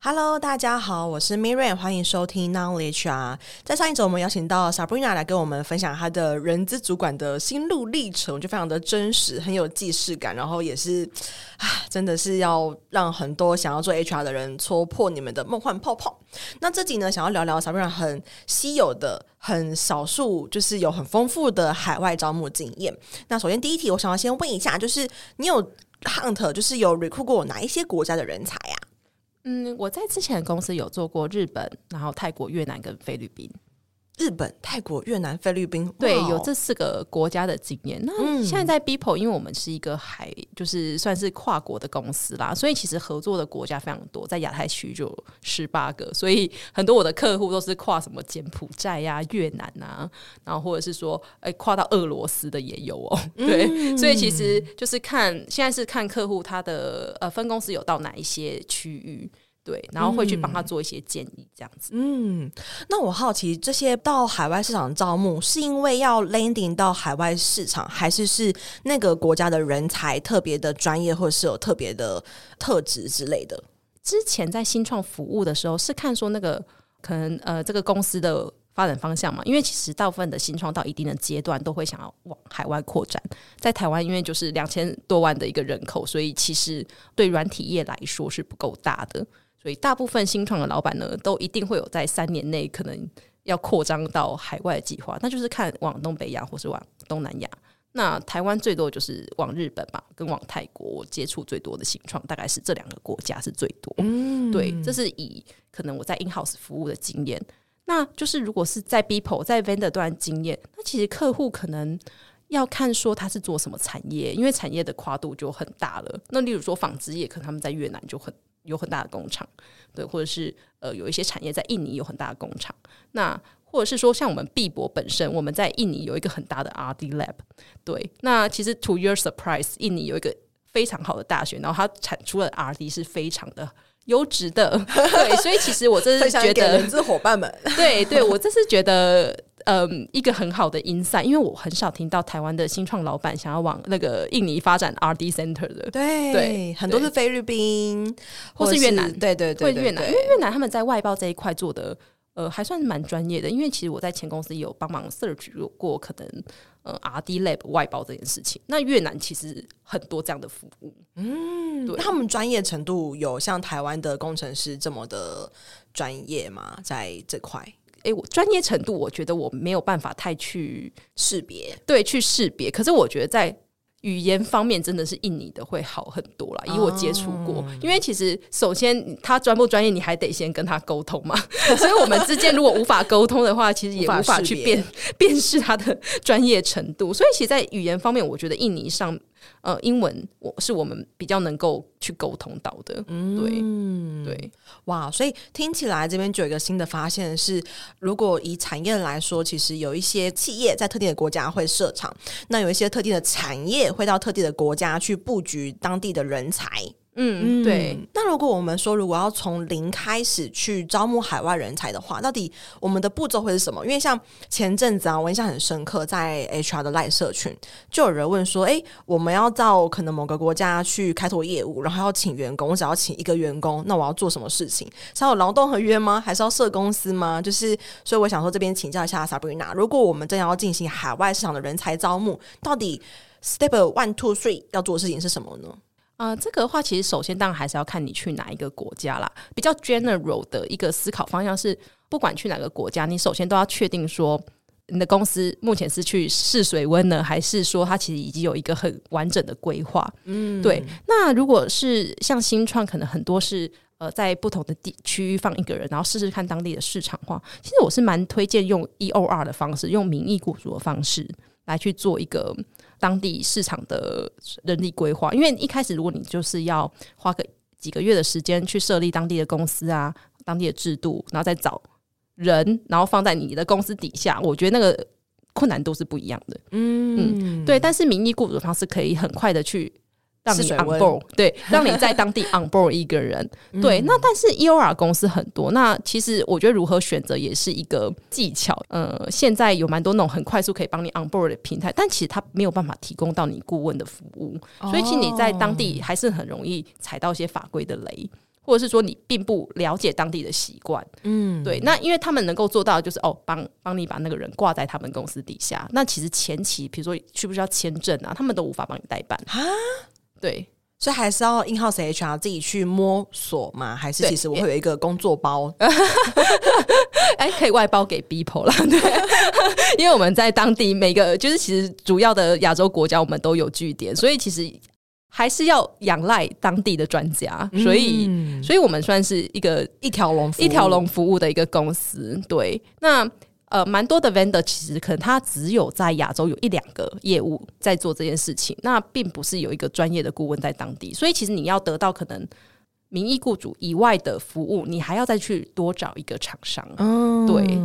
哈嘍，Hello, 大家好，我是 Miriam，歡迎收聽 Not Only HR。在上一周，我們邀請到 Sabrina 來跟我們分享她的人資主管的心路歷程，就非常的真實，很有既視感。然後也是，啊，真的是要讓很多想要做 HR 的人戳破你們的夢幻泡泡。那這集呢，想要聊聊 Sabrina 很稀有的、很少數，就是有很豐富的海外招募經驗。那首先第一題，我想要先問一下，就是你有 hunt，就是有 recruit 過哪一些國家的人才呀、啊？嗯，我在之前公司有做過日本，然後泰國、越南跟菲律賓。日本、泰國、越南、菲律賓，wow、對，有這四個國家的經驗。那現在在 BIPO，因為我們是一個海，就是算是跨國的公司啦，所以其實合作的國家非常多，在亞太區就十八個，所以很多我的客戶都是跨什麼柬埔寨呀、啊、越南啊，然後或者是說，誒跨到俄羅斯的也有哦。嗯、對，所以其實就是看現在是看客戶他的呃分公司有到哪一些區域。對，然後會去幫他做一些建議，嗯、這樣子。嗯，那我好奇，這些到海外市場招募，是因為要 landing 到海外市場，還是是那個國家的人才特別的專業，或者是有特別的特質之類的？之前在新創服務的時候，是看說那個可能呃，這個公司的發展方向嘛，因為其實大部分的新創到一定的階段都會想要往海外擴展。在台灣，因為就是兩千多萬的一個人口，所以其實對軟體業來說是不夠大的。所以大部分新創的老闆呢，都一定會有在三年內可能要擴張到海外的計劃，那就是看往東北亞或是往東南亞。那台灣最多就是往日本嘛，跟往泰國接觸最多的新創，大概是這兩個國家是最多。嗯，對，這是以可能我在 In House 服務的經驗。那就是如果是在 BIPO 在 Vendor 端經驗，那其實客戶可能要看說他是做什麼產業，因為產業的跨度就很大了。那例如說紡織業，可能他們在越南就很有很大的工廠，對，或者是呃有一些產業在印尼有很大的工廠。那或者是說，像我們 BIPO 本身，我們在印尼有一個很大的 R&D lab，對。那其實 to your surprise，印尼有一個非常好的大學，然後它產出的 R&D 是非常的優質的， 對。所以其實我真是覺得，夥伴們，對對，我真是覺得。嗯，一個很好的 insight，因為我很少聽到台灣的新創老板想要往那個印尼發展 R D Center 的。對，對很多是菲律賓對或是越南，對對對，越南，因為越南他們在外包這一塊做的，呃，還算是蠻專業的。因為其實我在前公司有幫忙 search 過，可能呃 R D Lab 外包這件事情，那越南其實很多這樣的服務。嗯，對，那他們專業程度有像台灣的工程師這麼的專業嗎？在這塊？哎，我專業程度，我覺得我沒有辦法太去識別，對，去識別。可是我覺得在語言方面，真的是印尼的會好很多啦。Oh. 以我接觸過。因為其實首先他專不專業，你還得先跟他溝通嘛。 所以我們之間如果無法溝通的話， 其實也無法去辨，無法識別。辨識他的專業程度。所以其實，在語言方面，我覺得印尼上。呃，英文我是我們比較能夠去溝通到的，嗯，對，嗯，對，嗯，對。哇，所以聽起來這邊就有一個新的發現是，如果以產業來說，其實有一些企業在特定的國家會設廠，那有一些特定的產業會到特定的國家去布局當地的人才。嗯，對。那如果我們說，如果要從零開始去招募海外人才的話，到底我們的步驟會是什麼？因為像前陣子啊，我印象很深刻，在 HR 的賴社群就有人問說：“誒，我們要到可能某個國家去開拓業務，然後要請員工，我只要請一個員工，那我要做什麼事情？是要勞動合約嗎？還是要設公司嗎？就是，所以我想說這邊請教一下 Sabrina，如果我們真的要進行海外市場的人才招募，到底 step one two three 要做的事情是什麼呢？”啊、呃，這個的話，其實首先當然還是要看你去哪一個國家啦。比較 general 的一個思考方向是，不管去哪個國家，你首先都要確定說，你的公司目前是去試水溫呢，還是說它其實已經有一個很完整的規劃？嗯，對。那如果是像新創，可能很多是呃，在不同的地區放一個人，然後試試看當地的市場化。其實我是蠻推薦用 EOR 的方式，用名義雇主的方式來去做一個。當地市場的人力規劃，因為一開始如果你就是要花個幾個月的時間去設立當地的公司啊，當地的制度，然後再找人，然後放在你的公司底下，我覺得那個困難度是不一樣的。嗯，嗯，對，但是名義雇主他是可以很快的去，讓你 on board，對，讓你在當地 on board 一個人， 嗯、對。那但是 EOR 公司很多，那其實我覺得如何選擇也是一個技巧。呃，現在有蠻多那種很快速可以幫你 on board 的平台，但其實他沒有辦法提供到你顧問的服務，所以其實你在當地還是很容易踩到一些法規的雷，或者是說你並不了解當地的習慣。嗯，對。那因為他們能夠做到就是哦，幫幫你把那個人掛在他們公司底下。那其實前期比如說需不需要簽證啊，他們都無法幫你代辦啊。對，所以還是要 in house HR 自己去摸索嘛？還是其實我會有一個工作包？哎對、 欸，可以外包給 BIPO 啦對 因為我們在當地每個就是其實主要的亞洲國家我們都有據點，所以其實還是要仰賴當地的專家。嗯、所以，所以我們算是一個一條龍、一條龍服務的一個公司。對，那。呃，蠻多的 vendor 其實可能他只有在亞洲有一兩個業務在做這件事情，那並不是有一個專業的顧問在當地，所以其實你要得到可能。名義雇主以外的服務，你還要再去多找一個廠商，嗯、對，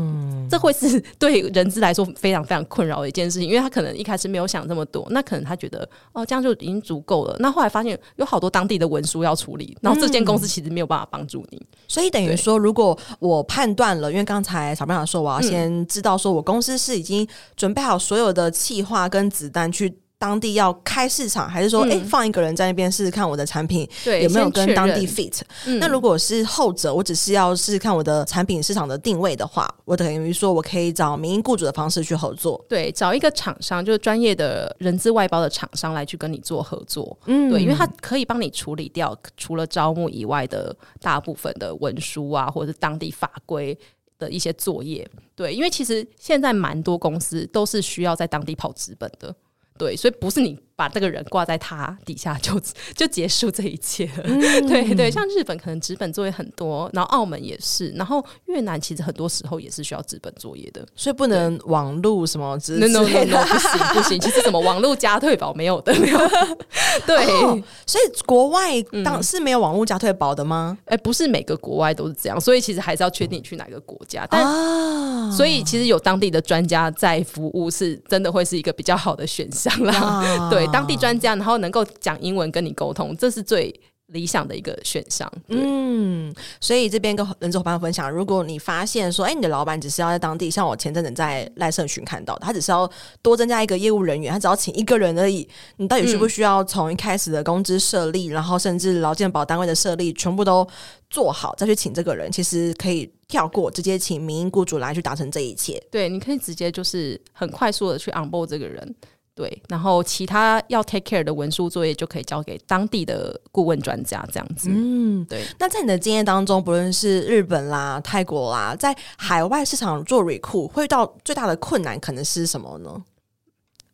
這會是對人資來說非常非常困擾的一件事情，因為他可能一開始沒有想這麼多，那可能他覺得哦，這樣就已經足夠了，那後，後來發現有好多當地的文書要處理，然後這間公司其實沒有辦法幫助你，嗯、對所以等於說，如果我判斷了，因為剛才小朋友說，我要先知道說我公司是已經準備好所有的企劃跟子彈去。當地要開市場，還是說，哎、嗯欸，放一個人在那邊試試看我的產品有沒有跟當地 fit？嗯、那如果是後者，我只是要試試看我的產品市場的定位的話，我等於說我可以找名義雇主的方式去合作。對，找一個廠商，就是專業的人資外包的廠商來去跟你做合作。嗯、對，因為他可以幫你處理掉除了招募以外的大部分的文書啊，或者是當地法規的一些作業。對，因為其實現在蠻多公司都是需要在當地跑資本的。對，所以不是你。把這個人掛在他底下就就結束這一切。嗯、對對，像日本可能紙本作業很多，然後澳門也是，然後越南其實很多時候也是需要紙本作業的，所以不能網路什麼之類的。對 no no no, no, no 不行不行，其實什麼網絡加退保沒有的沒有， 對、哦，所以國外當是沒有網絡加退保的嗎？哎、嗯欸，不是每個國外都是這樣，所以其實還是要確定你去哪個國家，嗯、但、啊、所以其實有當地的專家在服務是真的會是一個比較好的選項啦，啊、對。當地專家，然後能夠講英文跟你溝通，這是最理想的一個選項。嗯，所以這邊跟人資夥伴分享，如果你發現說，哎、欸，你的老闆只是要在當地，像我前陣子在賴社群看到的，他只是要多增加一個業務人員，他只要請一個人而已。你到底需不需要從一開始的工資設立，嗯、然後甚至勞健保單位的設立，全部都做好再去請這個人？其實可以跳過，直接請名義雇主來去達成這一切。對，你可以直接就是很快速的去 on board 這個人。對，然後其他要 take care 的文書作業，就可以交給當地的顧問專家這樣子。嗯，對。那在你的經驗當中，不論是日本啦、泰國啦，在海外市場做 recruit，會遇到最大的困難可能是什麼呢？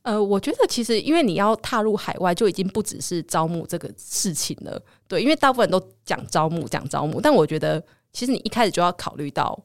呃，我覺得其實因為你要踏入海外，就已經不只是招募這個事情了。對，因為大部分人都講招募，講招募，但我覺得其實你一開始就要考慮到。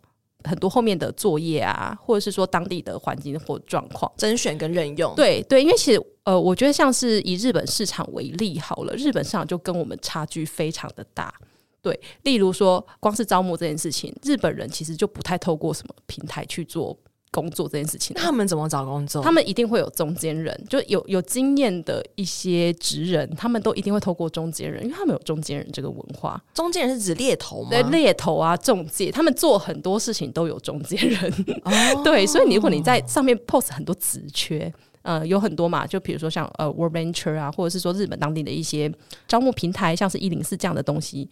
很多後面的作業啊，或者是說當地的環境或狀況，甄選跟任用，對對，因為其實呃，我覺得像是以日本市場為例好了，日本市場就跟我們差距非常的大，對，例如說光是招募這件事情，日本人其實就不太透過什麼平台去做工作這件事情，那他們怎麼找工作？他們一定會有中間人，就有有經驗的一些職人，他們都一定會透過中間人，因為他們有中間人這個文化。中間人是指獵頭嗎？對，獵頭啊、中介，他們做很多事情都有中間人。Oh. 對，所以你如果你在上面 post 很多職缺，Oh. 呃，有很多嘛，就比如說像呃，work venture 啊，或者是說日本當地的一些招募平台，像是一零四這樣的東西，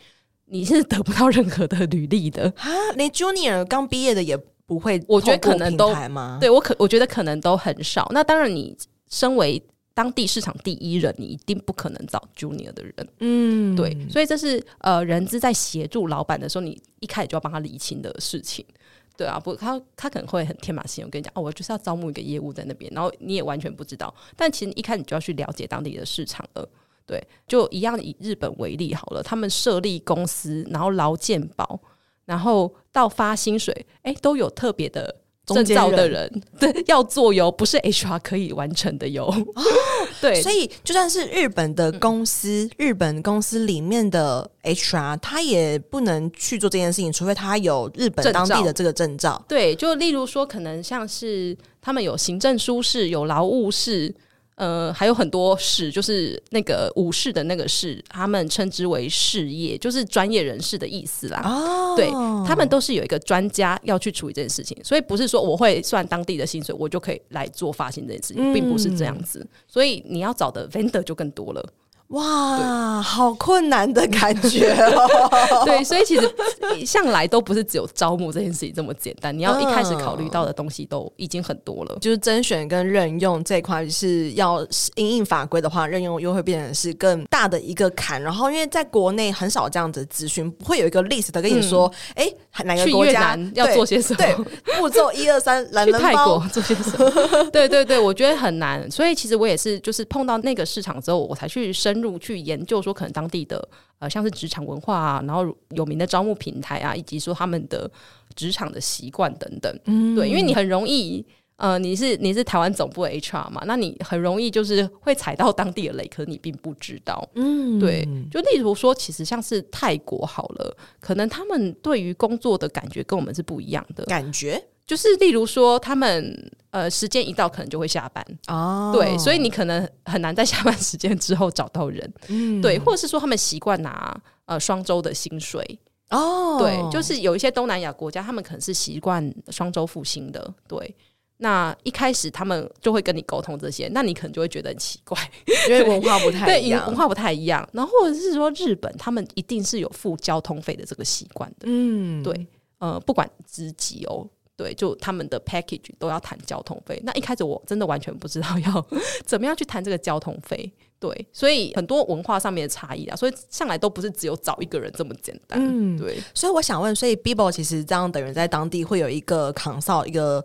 你是得不到任何的履歷的，你連 junior 剛畢業的也。不會，我覺得可能都對我可，我覺得可能都很少。那當然，你身為當地市場第一人，你一定不可能找 junior 的人。嗯，對，所以這是呃，人資在協助老闆的時候，你一開始就要幫他釐清的事情。對啊，不，他他可能會很天馬行空，我跟你講，哦，我就是要招募一個業務在那邊，然後你也完全不知道。但其實一開始你就要去了解當地的市場了。對，就一樣以日本為例好了，他們設立公司，然後勞健保。然後到發薪水誒，都有特別的證照的人，對，要做喲，不是 HR 可以完成的喲。哦、對，所以就算是日本的公司，嗯、日本公司裡面的 HR，他也不能去做這件事情，除非他有日本當地的這個證照。證照對，就例如說，可能像是他們有行政書士，有勞務士。呃，還有很多士，就是那個武士的那個士，他們稱之為士業，就是專業人士的意思啦。哦，對，他們都是有一個專家要去處理這件事情，所以不是說我會算當地的薪水，我就可以來做發行這件事情，並不是這樣子。嗯，所以你要找的 vendor 就更多了。哇，對好困難的感覺哦！ 對，所以其實向來都不是只有招募這件事情這麼簡單，你要一開始考慮到的東西都已經很多了。嗯、就是甄選跟任用這一塊，是要因應法規的話，任用又會變成是更大的一個坎。然後，因為在國內很少這樣子諮詢，不會有一個 list 的跟你說，哎、嗯欸，哪個國家要做些什麼？對，步驟一二三，來了泰國做些什麼？ 對對對，我覺得很難。所以，其實我也是，就是碰到那個市場之後，我才去深入。去研究說，可能當地的呃，像是職場文化啊，然後有名的招募平台啊，以及說他們的職場的習慣等等，嗯、對，因為你很容易，呃，你是你是台灣總部 HR 嘛，那你很容易就是會踩到當地的雷，可是你並不知道，嗯，對，就例如說，其實像是泰國好了，可能他們對於工作的感覺跟我們是不一樣的感覺。就是例如說，他們呃，時間一到可能就會下班啊，oh. 對，所以你可能很難在下班時間之後找到人，mm. 對，或者是說他們習慣拿呃雙週的薪水哦，oh. 對，就是有一些東南亞國家，他們可能是習慣雙週付薪的，對，那一開始他們就會跟你溝通這些，那你可能就會覺得很奇怪，因為文化不太一樣 對，文化不太一樣，然後或者是說日本，他們一定是有付交通費的這個習慣的，嗯，mm. 對，呃，不管職級哦。對，就他們的 package 都要談交通費。那一開始我真的完全不知道要怎麼樣去談這個交通費。對，所以很多文化上面的差異啊，所以上來都不是只有找一個人這麼簡單。嗯，對。所以我想問，所以 BIPO 其實這樣等於在當地會有一個扛哨，一個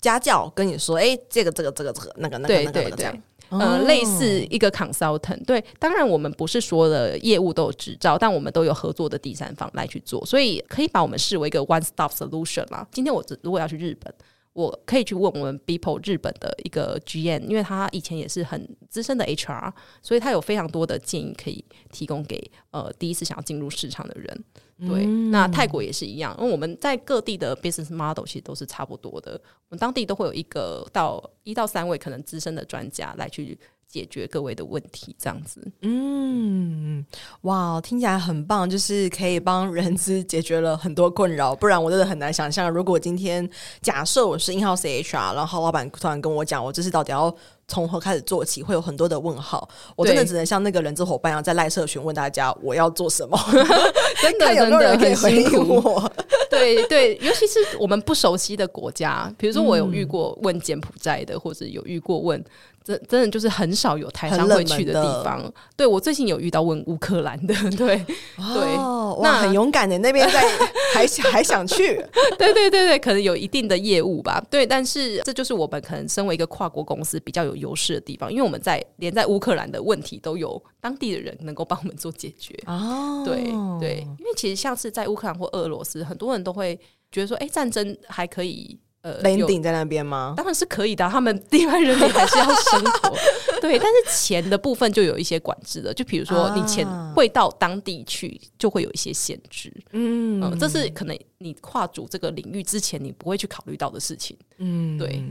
家教，跟你說，哎，這個這個這個這個那個那個對那個這樣。呃，oh，類似一個 consultant，對，當然我們不是所有的業務都有執照，但我們都有合作的第三方來去做，所以可以把我們視為一個 one stop solution 啦。今天我如果要去日本。我可以去問我們 BIPO 日本的一個 GM，因為他以前也是很資深的 HR，所以他有非常多的建議可以提供給呃第一次想要進入市場的人。對，嗯、那泰國也是一樣，因為我們在各地的 business model 其實都是差不多的，我們當地都會有一個到一到三位可能資深的專家來去。解決各位的問題，這樣子，嗯，哇，聽起來很棒，就是可以幫人資解決了很多困擾。不然我真的很難想象，如果今天假設我是 in-house HR，然後老板突然跟我講，我這次到底要從何開始做起，會有很多的問號。對我真的只能像那個人資伙伴一樣，在賴社群問大家，我要做什麼？ 真的看有沒有人可以回應我？ 對對，尤其是我們不熟悉的國家，比如說我有遇過問柬埔寨的，嗯、或者有遇過問，真真的就是很少有台商會去的地方。對，我最近有遇到問烏克蘭的，對對，哇那很勇敢的那邊在 還想還想去。 對對對對，可能有一定的業務吧。對，但是這就是我們可能身為一個跨國公司比較有優勢的地方，因為我們在連在烏克蘭的問題都有。當地的人能夠幫我們做解決，oh. 對對，因為其實像是在烏克蘭或俄羅斯，很多人都會覺得說，哎、欸，戰爭還可以，呃，Landing 有在那邊嗎？當然是可以的，他們地方人民還是要生活， 對，但是錢的部分就有一些管制了，就比如說你錢匯到當地去，就會有一些限制，嗯、oh. 呃，這是可能你跨足這個領域之前，你不會去考慮到的事情，嗯、oh.，對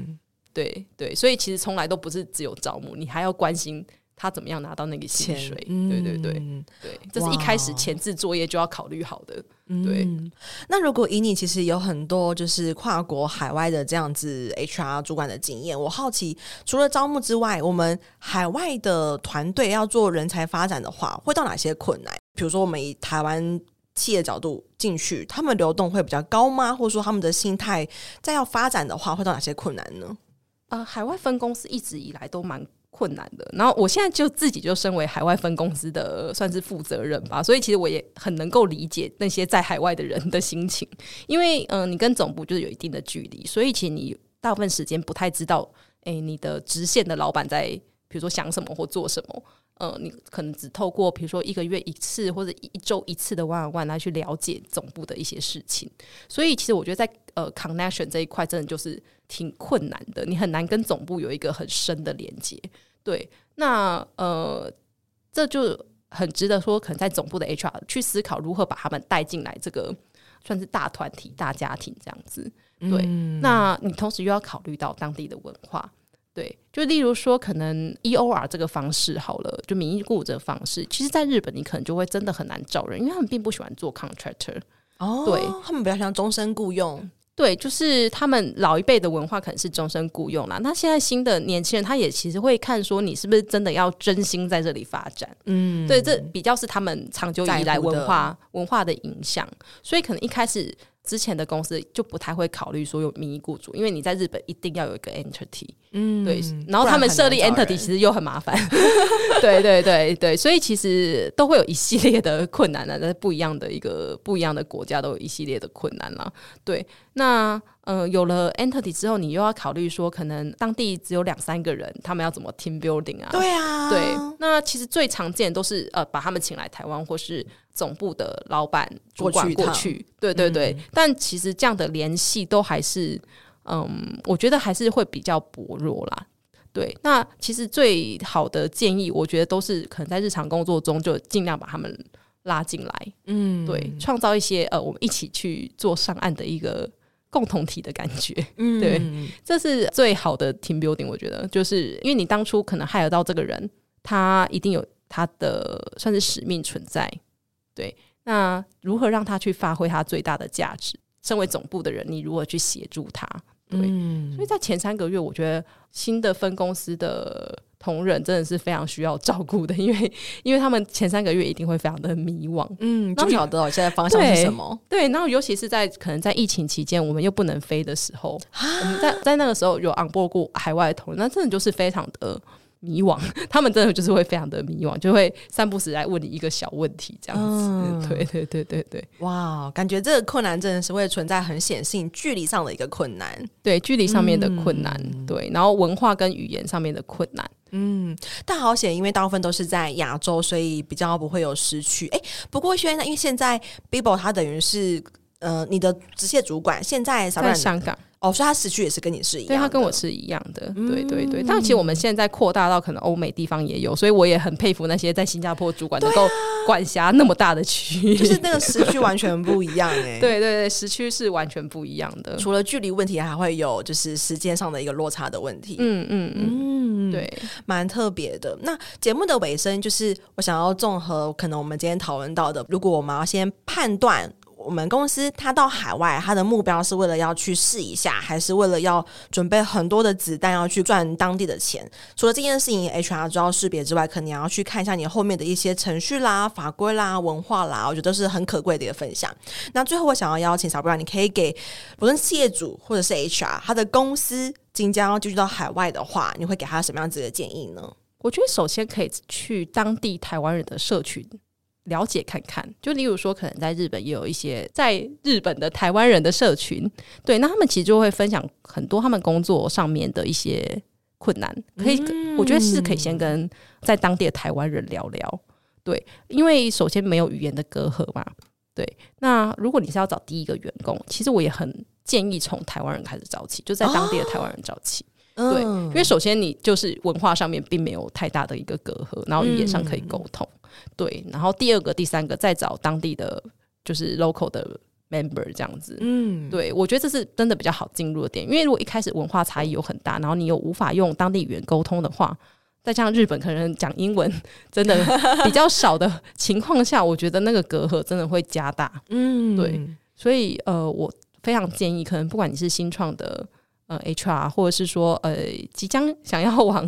對對，所以其實從來都不是只有招募，你還要關心。他怎麼樣拿到那個薪水？錢嗯、對對對對，這是一開始前置作業就要考慮好的。哦嗯、對，那如果以你其實有很多就是跨國海外的這樣子 HR 主管的經驗，我好奇，除了招募之外，我們海外的團隊要做人才發展的話，會到哪些困難？比如說，我們以台灣企業角度進去，他們流動會比較高嗎？或者說，他們的心態再要發展的話，會到哪些困難呢？啊、呃，海外分公司一直以來都蠻。困難的。然後我現在就自己就身為海外分公司的算是負責人吧，所以其實我也很能夠理解那些在海外的人的心情，因為嗯、呃，你跟總部就是有一定的距離，所以其實你大部分時間不太知道，哎、欸，你的直線的老板在。比如說想什麼或做什麼，呃，你可能只透過比如說一個月一次或者一周一次的 One on One 來去了解總部的一些事情，所以其實我覺得在呃 Connection 這一塊真的就是挺困難的，你很難跟總部有一個很深的連接。對，那呃這就很值得說，可能在總部的 HR 去思考如何把他們帶進來這個算是大團體大家庭這樣子。對，嗯，那你同時又要考慮到當地的文化。對，就例如說，可能 E O R 這個方式好了，就名義雇主這個方式，其實在日本你可能就會真的很難找人，因為他們並不喜歡做 contractor。哦，對，他們比較喜歡終身雇用。對，就是他們老一輩的文化可能是終身雇用啦。那現在新的年輕人，他也其實會看說你是不是真的要真心在這裡發展。嗯，對，這比較是他們長久以來文化文化的影響，所以可能一開始。之前的公司就不太會考慮說有名義雇主，因為你在日本一定要有一個 entity，嗯，對，然後他們設立 entity 其實又很麻煩， 對對對對，所以其實都會有一系列的困難呢，但是不一樣的一個，不一樣的國家都有一系列的困難呢。對，那。嗯、呃，有了 entity 之後，你又要考慮說，可能當地只有兩三個人，他們要怎麼 team building 啊？對啊，對。那其實最常見都是呃，把他們請來台灣或是總部的老闆主管過去。過去一趟，對對對。嗯、但其實這樣的聯繫都還是，嗯、呃，我覺得還是會比較薄弱啦。對，那其實最好的建議，我覺得都是可能在日常工作中就盡量把他們拉進來。嗯，對，創造一些呃，我們一起去做上岸的一個。共同體的感覺，嗯，對，這是最好的 team building，我覺得就是因為你當初可能 hire 到這個人，他一定有他的算是使命存在，對，那如何讓他去發揮他最大的價值？身為總部的人，你如何去協助他？對，嗯，所以在前三個月，我覺得新的分公司的。同仁真的是非常需要照顧的，因為因為他們前三個月一定會非常的迷惘，嗯，那你要知道現在方向是什麼對？對，然後尤其是在可能在疫情期間，我們又不能飛的時候，蛤我們在在那個時候有 onboard 過海外的同仁，那真的就是非常的迷惘，他們真的就是會非常的迷惘，就會三不五時來問你一個小問題，這樣子。嗯、對對對對對，哇，感覺這個困難真的是會存在很顯性距離上的一個困難，對，距離上面的困難，嗯、對，然後文化跟語言上面的困難。嗯，但好險，因為大部分都是在亞洲，所以比較不會有時差。哎、欸，不過現在因為現在 BIPO 它等於是。呃，你的直系主管現在在香港哦，所以他時區也是跟你是一樣的，對，他跟我是一樣的，嗯、對對對。但其實我們現在擴大到可能歐美地方也有，所以我也很佩服那些在新加坡主管能夠管轄那麼大的區域、啊， 就是那個時區完全不一樣哎、欸， 對對對，時區是完全不一樣的，除了距離問題，還會有就是時間上的一個落差的問題，嗯嗯嗯，嗯嗯對，蠻特別的。那節目的尾聲就是我想要綜合可能我們今天討論到的，如果我們要先判斷。我們公司他到海外，他的目標是為了要去試一下，還是為了要準備很多的子彈要去賺當地的錢？除了這件事情，HR 需要識別之外，可能你要去看一下你後面的一些程序啦、法規啦、文化啦，我覺得都是很可貴的一個分享。那最後，我想要邀請 Sabrina，你可以給不論企業主或者是 HR，他的公司即將要進軍到海外的話，你會給他什麼樣子的建議呢？我覺得首先可以去當地台灣人的社群，了解看看，就例如說，可能在日本也有一些在日本的台灣人的社群，對，那他們其實就會分享很多他們工作上面的一些困難，可以，嗯、我覺得是可以先跟在當地的台灣人聊聊，對，因為首先沒有語言的隔閡嘛。對，那如果你是要找第一個員工，其實我也很建議從台灣人開始找起，就在當地的台灣人找起。哦對，因為首先你就是文化上面並沒有太大的一個隔閡，然後語言上可以溝通。嗯、對，然後第二個、第三個再找當地的就是 local 的 member 這樣子。嗯，對，我覺得這是真的比較好進入的點，因為如果一開始文化差異有很大，然後你又無法用當地語言溝通的話，再加上日本可能講英文真的比較少的情況下，我覺得那個隔閡真的會加大。嗯，對，所以呃，我非常建議，可能不管你是新創的。嗯、呃、HR 或者是說，呃，即將想要往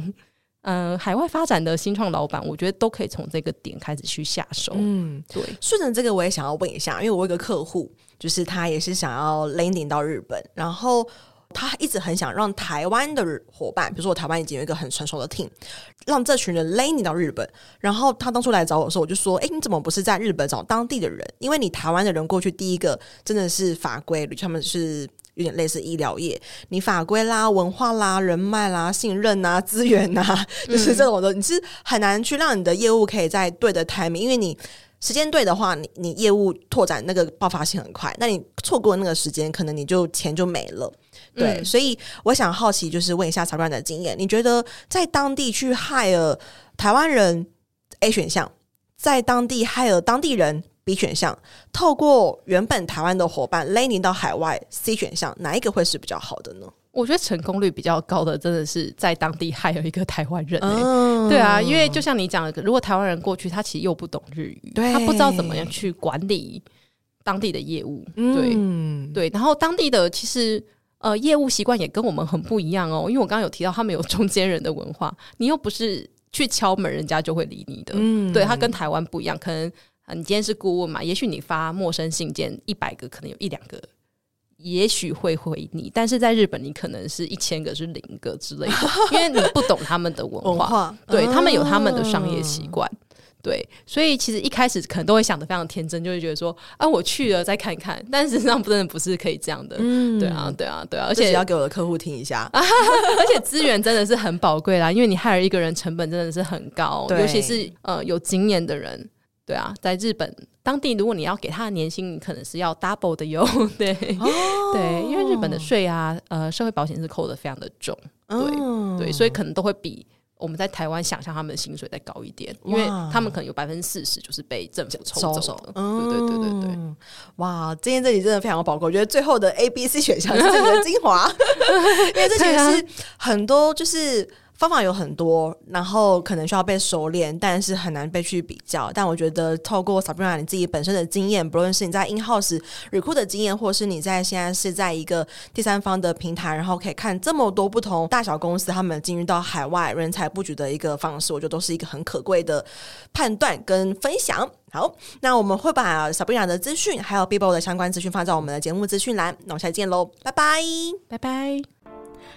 嗯、呃，海外發展的新創老板，我覺得都可以從這個點開始去下手。嗯，對，順着這個我也想要問一下，因為我有個客戶，就是他也是想要 landing 到日本，然後他一直很想讓台灣的夥伴，比如說我台灣已經有一個很成熟的 team，讓這群人 landing 到日本。然後他當初來找我的時候，我就說，哎，你怎麼不是在日本找當地的人？因為你台灣的人過去，第一個真的是法規，他們是。有點類似醫療業，你法規啦、文化啦、人脈啦、信任啦、啊、資源吶、啊，就是這種的，嗯、你是很難去讓你的業務可以在對的 timing 因為你時間對的話，你你業務拓展那個爆發性很快，那你錯過那個時間，可能你就錢就沒了。對，嗯、所以我想好奇，就是問一下 Sabrina 的經驗，你覺得在當地去 hire 台灣人，A 選項，在當地 hire 當地人。B 選項，透過原本台灣的夥伴 Landing 到海外，C 選項，哪一個會是比較好的呢？我覺得成功率比較高的真的是在當地還有一個台灣人、欸，哦、對啊，因為就像你講的，如果台灣人過去，他其實又不懂日語，對他不知道怎麼樣去管理當地的業務，嗯、對對，然後當地的其實呃業務習慣也跟我們很不一樣哦，因為我剛剛有提到他們有中間人的文化，你又不是去敲門人家就會理你的，嗯、對他跟台灣不一樣，可能。啊，你今天是顧問嘛？也許你發陌生信件一百個，可能有一兩個，也許會回你。但是在日本，你可能是一千個是零個之類的， 因為你不懂他們的文化，文化對、哦、他們有他們的商業習慣。對，所以其實一開始可能都會想得非,非常天真，就會覺得說啊，我去了再看看。但實際上，真的不是可以這樣的。嗯、對啊，對啊，對啊。而且,而且要給我的客戶聽一下。 啊、而且資源真的是很寶貴啦，因為你害了一個人，成本真的是很高，對尤其是呃有經驗的人。對啊，在日本當地，如果你要給他的年薪，你可能是要 double 的喲。對，oh. 對，因為日本的稅啊，呃，社會保險是扣得非常的重。Oh. 對對，所以可能都會比我們在台灣想象他們的薪水再高一點，因為他們可能有百分之四十就是被政府抽走。Wow. 對對對、對。Oh. 哇，今天這裡真的非常的寶貴，我覺得最後的 A、B、C 選項就是精華，因為這其實是很多就是。方法有很多，然後可能需要被熟練，但是很難被去比較。但我覺得透過 Sabrina 你自己本身的經驗，不論是你在 In-house Recruit 的經驗，或是你在現在是在一個第三方的平台，然後可以看這麼多不同大小公司他們進入到海外人才布局的一個方式，我覺得都是一個很可貴的判斷跟分享。好，那我們會把 Sabrina 的資訊還有 BIPO 的相關資訊放在我們的節目資訊欄。那我們下次見嘍，拜拜，拜拜。